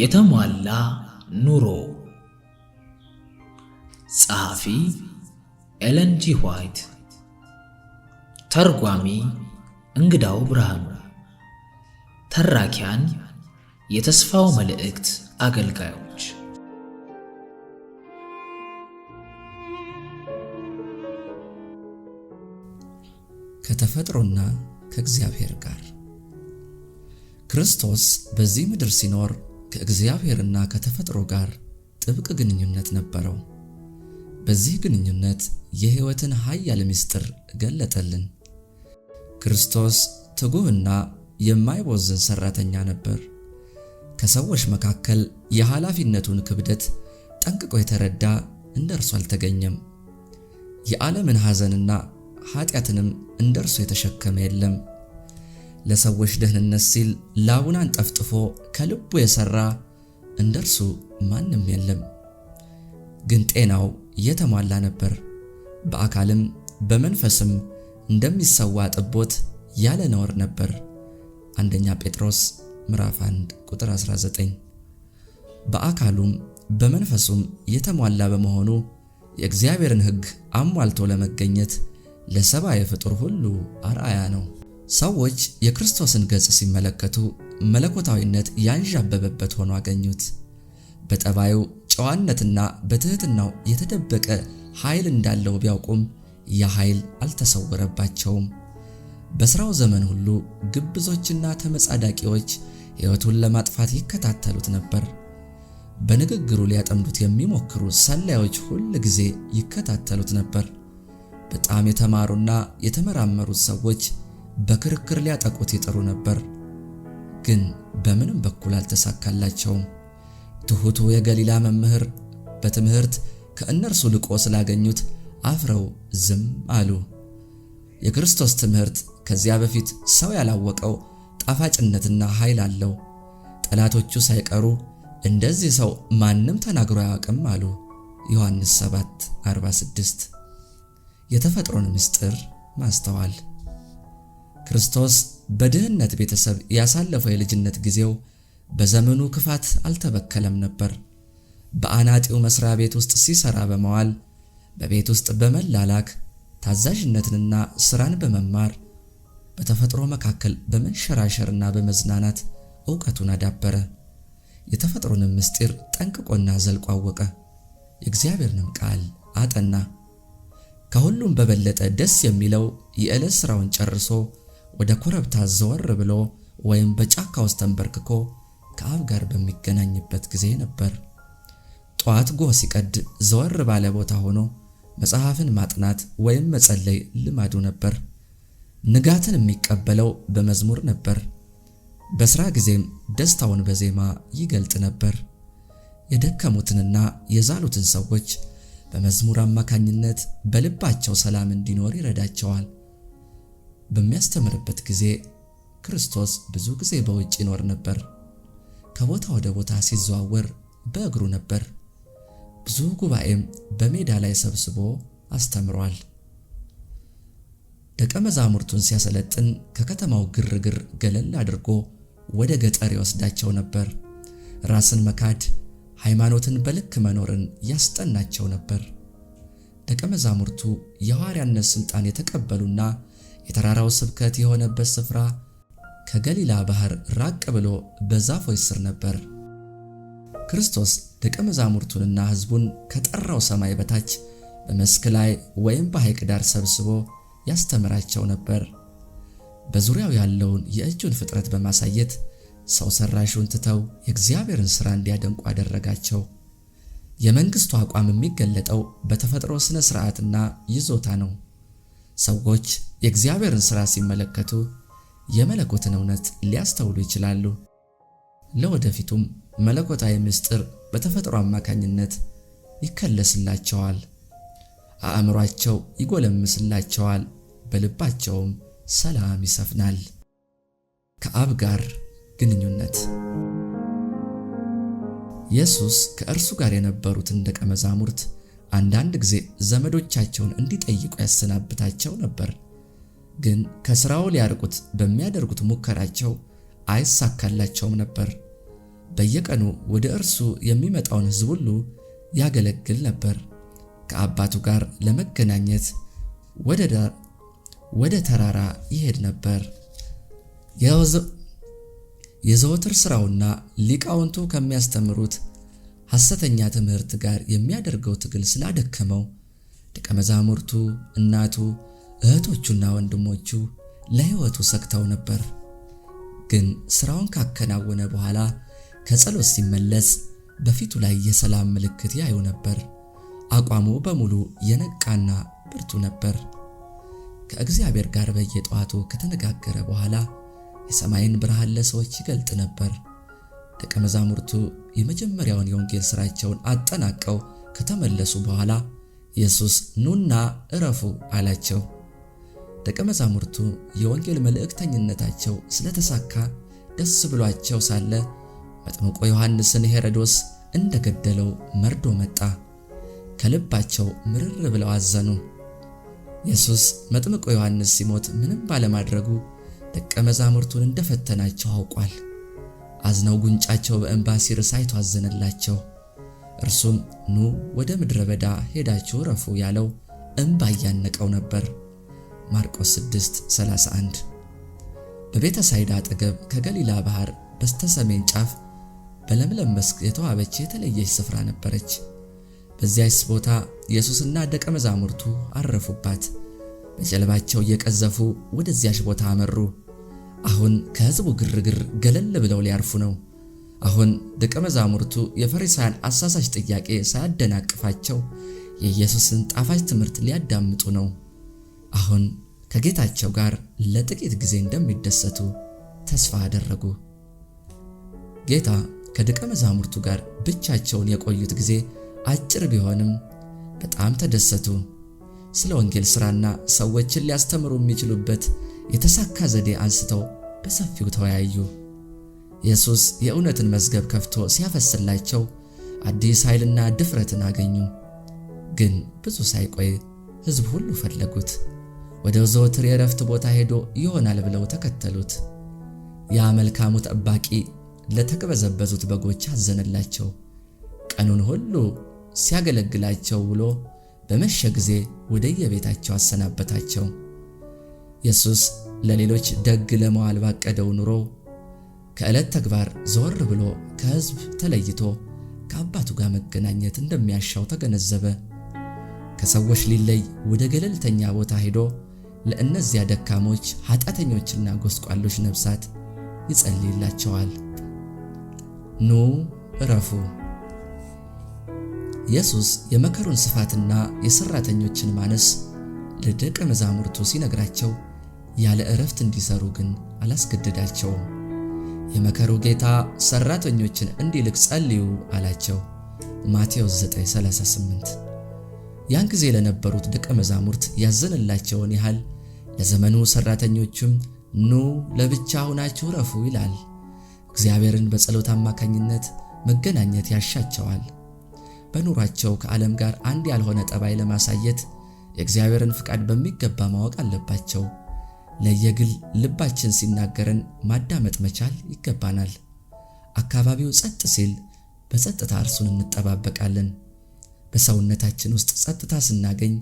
የተሟላ ኑሮ ጸሐፊ ኤለን ጂ ዋይት ተርጓሚ እንግዳው ብርሃኑ ተራኪያን የተስፋው መልእክት አገልጋዮች ከተፈጥሮና ከእግዚአብሔር ጋር ክርስቶስ በዚህ ምድር ሲኖር ከእግዚአብሔርና ከተፈጥሮ ጋር ጥብቅ ግንኙነት ነበረው። በዚህ ግንኙነት የሕይወትን ኃያል ምስጢር ገለጠልን። ክርስቶስ ትጉህና የማይቦዝን ሠራተኛ ነበር። ከሰዎች መካከል የኃላፊነቱን ክብደት ጠንቅቆ የተረዳ እንደ እርሱ አልተገኘም። የዓለምን ሐዘንና ኃጢአትንም እንደ እርሱ የተሸከመ የለም። ለሰዎች ደህንነት ሲል ላቡን አንጠፍጥፎ ከልቡ የሰራ እንደ እርሱ ማንም የለም። ግን ጤናው የተሟላ ነበር። በአካልም በመንፈስም እንደሚሰዋ ጥቦት ያለ ነውር ነበር። አንደኛ ጴጥሮስ ምዕራፍ 1 ቁጥር 19። በአካሉም በመንፈሱም የተሟላ በመሆኑ የእግዚአብሔርን ሕግ አሟልቶ ለመገኘት ለሰብአዊ ፍጡር ሁሉ አርአያ ነው። ሰዎች የክርስቶስን ገጽ ሲመለከቱ መለኮታዊነት ያንዣበበበት ሆኖ አገኙት። በጠባዩ ጨዋነትና በትህትናው የተደበቀ ኃይል እንዳለው ቢያውቁም ያ ኃይል አልተሰወረባቸውም። በሥራው ዘመን ሁሉ ግብዞችና ተመጻዳቂዎች ሕይወቱን ለማጥፋት ይከታተሉት ነበር። በንግግሩ ሊያጠምዱት የሚሞክሩ ሰላዮች ሁል ጊዜ ይከታተሉት ነበር። በጣም የተማሩና የተመራመሩት ሰዎች በክርክር ሊያጠቁት ይጥሩ ነበር፣ ግን በምንም በኩል አልተሳካላቸውም። ትሑቱ የገሊላ መምህር በትምህርት ከእነርሱ ልቆ ስላገኙት አፍረው ዝም አሉ። የክርስቶስ ትምህርት ከዚያ በፊት ሰው ያላወቀው ጣፋጭነትና ኃይል አለው። ጠላቶቹ ሳይቀሩ እንደዚህ ሰው ማንም ተናግሮ አያውቅም አሉ። ዮሐንስ 7:46 የተፈጥሮን ምስጢር ማስተዋል ክርስቶስ በድህነት ቤተሰብ ያሳለፈው የልጅነት ጊዜው በዘመኑ ክፋት አልተበከለም ነበር። በአናጢው መስሪያ ቤት ውስጥ ሲሰራ በመዋል በቤት ውስጥ በመላላክ ታዛዥነትንና ስራን በመማር በተፈጥሮ መካከል በመንሸራሸርና በመዝናናት እውቀቱን አዳበረ። የተፈጥሮንም ምስጢር ጠንቅቆና ዘልቆ አወቀ። የእግዚአብሔርንም ቃል አጠና። ከሁሉም በበለጠ ደስ የሚለው የዕለት ሥራውን ጨርሶ ወደ ኮረብታ ዘወር ብሎ ወይም በጫካ ውስጥ ተንበርክኮ ከአብ ጋር በሚገናኝበት ጊዜ ነበር። ጠዋት ጎህ ሲቀድ ዘወር ባለ ቦታ ሆኖ መጽሐፍን ማጥናት ወይም መጸለይ ልማዱ ነበር። ንጋትን የሚቀበለው በመዝሙር ነበር። በሥራ ጊዜም ደስታውን በዜማ ይገልጥ ነበር። የደከሙትንና የዛሉትን ሰዎች በመዝሙር አማካኝነት በልባቸው ሰላም እንዲኖር ይረዳቸዋል። በሚያስተምርበት ጊዜ ክርስቶስ ብዙ ጊዜ በውጭ ይኖር ነበር። ከቦታ ወደ ቦታ ሲዘዋወር በእግሩ ነበር። ብዙ ጉባኤም በሜዳ ላይ ሰብስቦ አስተምሯል። ደቀ መዛሙርቱን ሲያሰለጥን ከከተማው ግርግር ገለል አድርጎ ወደ ገጠር ይወስዳቸው ነበር። ራስን መካድ፣ ሃይማኖትን በልክ መኖርን ያስጠናቸው ነበር። ደቀ መዛሙርቱ የሐዋርያነት ሥልጣን የተቀበሉና የተራራው ስብከት የሆነበት ስፍራ ከገሊላ ባህር ራቅ ብሎ በዛፎች ስር ነበር። ክርስቶስ ደቀ መዛሙርቱንና ሕዝቡን ከጠራው ሰማይ በታች በመስክ ላይ ወይም በሐይቅ ዳር ሰብስቦ ያስተምራቸው ነበር። በዙሪያው ያለውን የእጁን ፍጥረት በማሳየት ሰው ሰራሹን ትተው የእግዚአብሔርን ሥራ እንዲያደንቁ አደረጋቸው። የመንግሥቱ አቋም የሚገለጠው በተፈጥሮ ሥነ ሥርዓትና ይዞታ ነው። ሰዎች የእግዚአብሔርን ሥራ ሲመለከቱ የመለኮትን እውነት ሊያስተውሉ ይችላሉ። ለወደፊቱም መለኮታዊ ምስጢር በተፈጥሮ አማካኝነት ይከለስላቸዋል። አእምሯቸው ይጎለምስላቸዋል፣ በልባቸውም ሰላም ይሰፍናል። ከአብ ጋር ግንኙነት ኢየሱስ ከእርሱ ጋር የነበሩትን ደቀ መዛሙርት አንዳንድ ጊዜ ዘመዶቻቸውን እንዲጠይቁ ያሰናብታቸው ነበር። ግን ከሥራው ሊያርቁት በሚያደርጉት ሙከራቸው አይሳካላቸውም ነበር። በየቀኑ ወደ እርሱ የሚመጣውን ሕዝብ ሁሉ ያገለግል ነበር። ከአባቱ ጋር ለመገናኘት ወደ ተራራ ይሄድ ነበር። የዘወትር ሥራውና ሊቃውንቱ ከሚያስተምሩት ሐሰተኛ ትምህርት ጋር የሚያደርገው ትግል ስላደከመው ደቀ መዛሙርቱ፣ እናቱ፣ እህቶቹና ወንድሞቹ ለሕይወቱ ሰግተው ነበር። ግን ሥራውን ካከናወነ በኋላ ከጸሎት ሲመለስ በፊቱ ላይ የሰላም ምልክት ያዩ ነበር። አቋሙ በሙሉ የነቃና ብርቱ ነበር። ከእግዚአብሔር ጋር በየጠዋቱ ከተነጋገረ በኋላ የሰማይን ብርሃን ለሰዎች ይገልጥ ነበር። ደቀ መዛሙርቱ የመጀመሪያውን የወንጌል ሥራቸውን አጠናቀው ከተመለሱ በኋላ ኢየሱስ ኑና እረፉ አላቸው። ደቀ መዛሙርቱ የወንጌል መልእክተኝነታቸው ስለተሳካ ደስ ብሏቸው ሳለ መጥምቆ ዮሐንስን ሄሮድስ እንደገደለው መርዶ መጣ። ከልባቸው ምርር ብለው አዘኑ። ኢየሱስ መጥምቆ ዮሐንስ ሲሞት ምንም ባለማድረጉ ደቀ መዛሙርቱን እንደፈተናቸው አውቋል። አዝነው ጉንጫቸው በእንባ ሲርስ አይቶ አዘነላቸው። እርሱም ኑ ወደ ምድረ በዳ ሄዳችሁ ረፉ ያለው እምባ እያነቀው ነበር። ማርቆስ 6:31 በቤተ ሳይዳ አጠገብ ከገሊላ ባህር በስተሰሜን ጫፍ በለምለም መስክ የተዋበች የተለየች ስፍራ ነበረች። በዚያች ቦታ ኢየሱስና ደቀ መዛሙርቱ አረፉባት። በጀልባቸው እየቀዘፉ ወደዚያች ቦታ አመሩ። አሁን ከሕዝቡ ግርግር ገለል ብለው ሊያርፉ ነው። አሁን ደቀ መዛሙርቱ የፈሪሳውያን አሳሳች ጥያቄ ሳያደናቅፋቸው የኢየሱስን ጣፋጭ ትምህርት ሊያዳምጡ ነው። አሁን ከጌታቸው ጋር ለጥቂት ጊዜ እንደሚደሰቱ ተስፋ አደረጉ። ጌታ ከደቀ መዛሙርቱ ጋር ብቻቸውን የቆዩት ጊዜ አጭር ቢሆንም በጣም ተደሰቱ። ስለ ወንጌል ሥራና ሰዎችን ሊያስተምሩ የሚችሉበት የተሳካ ዘዴ አንስተው በሰፊው ተወያዩ። ኢየሱስ የእውነትን መዝገብ ከፍቶ ሲያፈስላቸው አዲስ ኃይልና ድፍረትን አገኙ። ግን ብዙ ሳይቆይ ሕዝብ ሁሉ ፈለጉት። ወደ ዘወትር የእረፍት ቦታ ሄዶ ይሆናል ብለው ተከተሉት። ያ መልካሙ ጠባቂ ለተቅበዘበዙት በጎች አዘነላቸው። ቀኑን ሁሉ ሲያገለግላቸው ውሎ በመሸ ጊዜ ወደየቤታቸው አሰናበታቸው። ኢየሱስ ለሌሎች ደግ ለመዋል ባቀደው ኑሮ ከዕለት ተግባር ዞር ብሎ ከሕዝብ ተለይቶ ከአባቱ ጋር መገናኘት እንደሚያሻው ተገነዘበ። ከሰዎች ሊለይ ወደ ገለልተኛ ቦታ ሄዶ ለእነዚያ ደካሞች ኃጢአተኞችና ጎስቋሎች ነብሳት ይጸልይላቸዋል። ኑ እረፉ። ኢየሱስ የመከሩን ስፋትና የሠራተኞችን ማነስ ለደቀ መዛሙርቱ ሲነግራቸው ያለ እረፍት እንዲሰሩ ግን አላስገደዳቸውም። የመከሩ ጌታ ሰራተኞችን እንዲልክ ጸልዩ አላቸው። ማቴዎስ 9:38 ያን ጊዜ ለነበሩት ደቀ መዛሙርት ያዘነላቸውን ያህል ለዘመኑ ሰራተኞችም ኑ ለብቻ ሁናችሁ ረፉ ይላል። እግዚአብሔርን በጸሎት አማካኝነት መገናኘት ያሻቸዋል። በኑሯቸው ከዓለም ጋር አንድ ያልሆነ ጠባይ ለማሳየት የእግዚአብሔርን ፍቃድ በሚገባ ማወቅ አለባቸው። ለየግል ልባችን ሲናገረን ማዳመጥ መቻል ይገባናል። አካባቢው ጸጥ ሲል በጸጥታ እርሱን እንጠባበቃለን። በሰውነታችን ውስጥ ጸጥታ ስናገኝ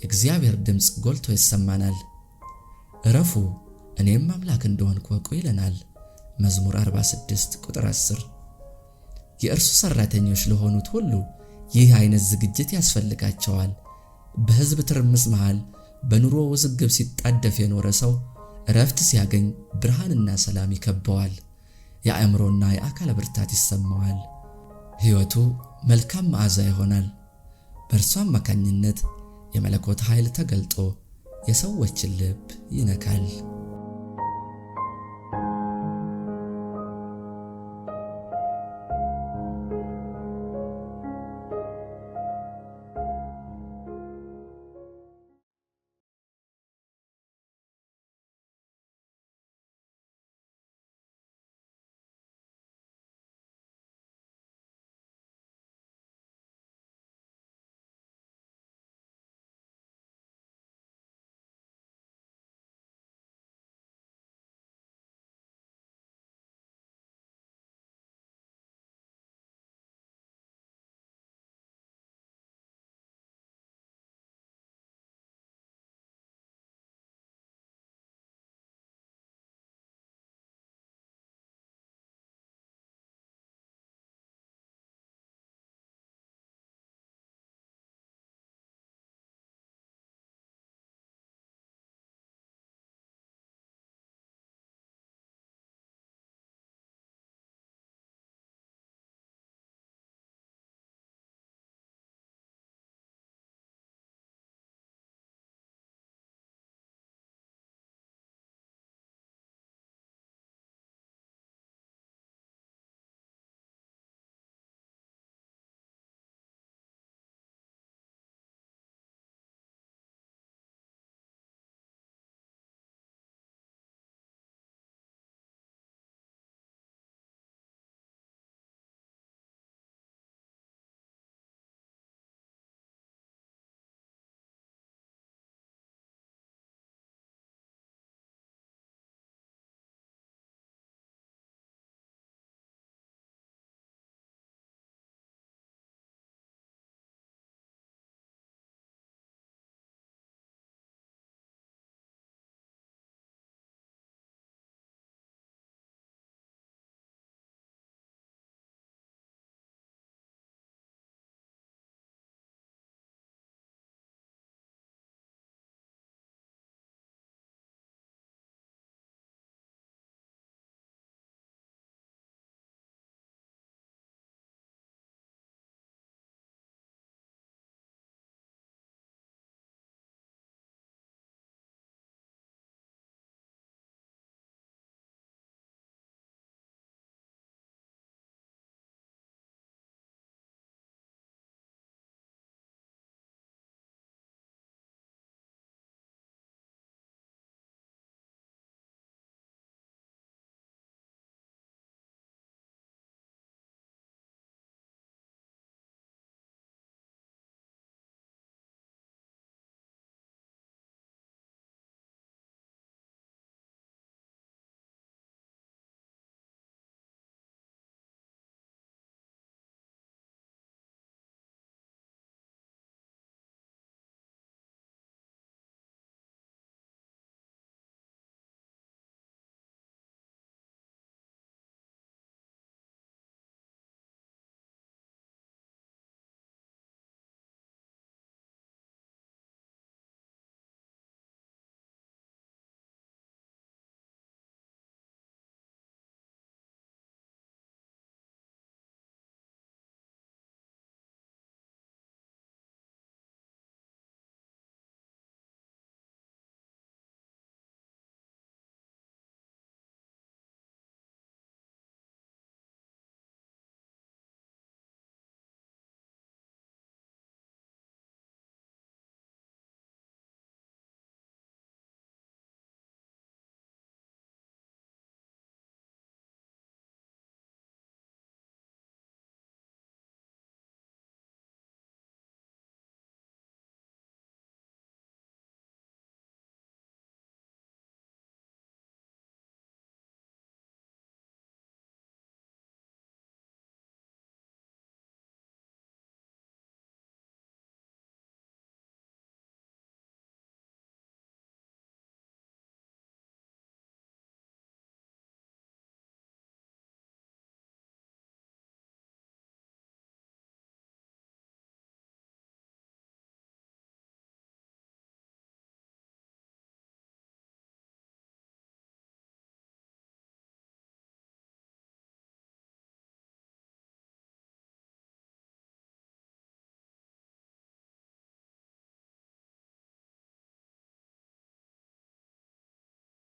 የእግዚአብሔር ድምፅ ጎልቶ ይሰማናል። እረፉ እኔም አምላክ እንደሆንኩ እወቁ ይለናል መዝሙር 46 ቁጥር 10። የእርሱ ሠራተኞች ለሆኑት ሁሉ ይህ አይነት ዝግጅት ያስፈልጋቸዋል። በሕዝብ ትርምስ መሃል በኑሮ ውዝግብ ሲጣደፍ የኖረ ሰው እረፍት ሲያገኝ ብርሃንና ሰላም ይከበዋል። የአእምሮና የአካል ብርታት ይሰማዋል። ሕይወቱ መልካም መዓዛ ይሆናል። በእርሱ አማካኝነት የመለኮት ኃይል ተገልጦ የሰዎችን ልብ ይነካል።